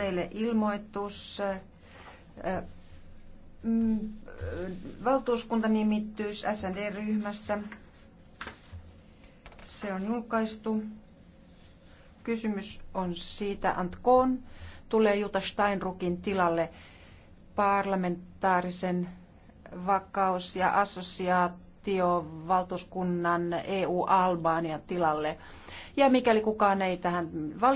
teille ilmoitus. Mm, nimittyy SND-ryhmästä. Se on julkaistu. Kysymys on siitä, Antkoon tulee Juta Steinrukin tilalle parlamentaarisen vakaus- ja assosiaatiovaltuuskunnan EU-Albania tilalle. Ja mikäli kukaan ei tähän valita,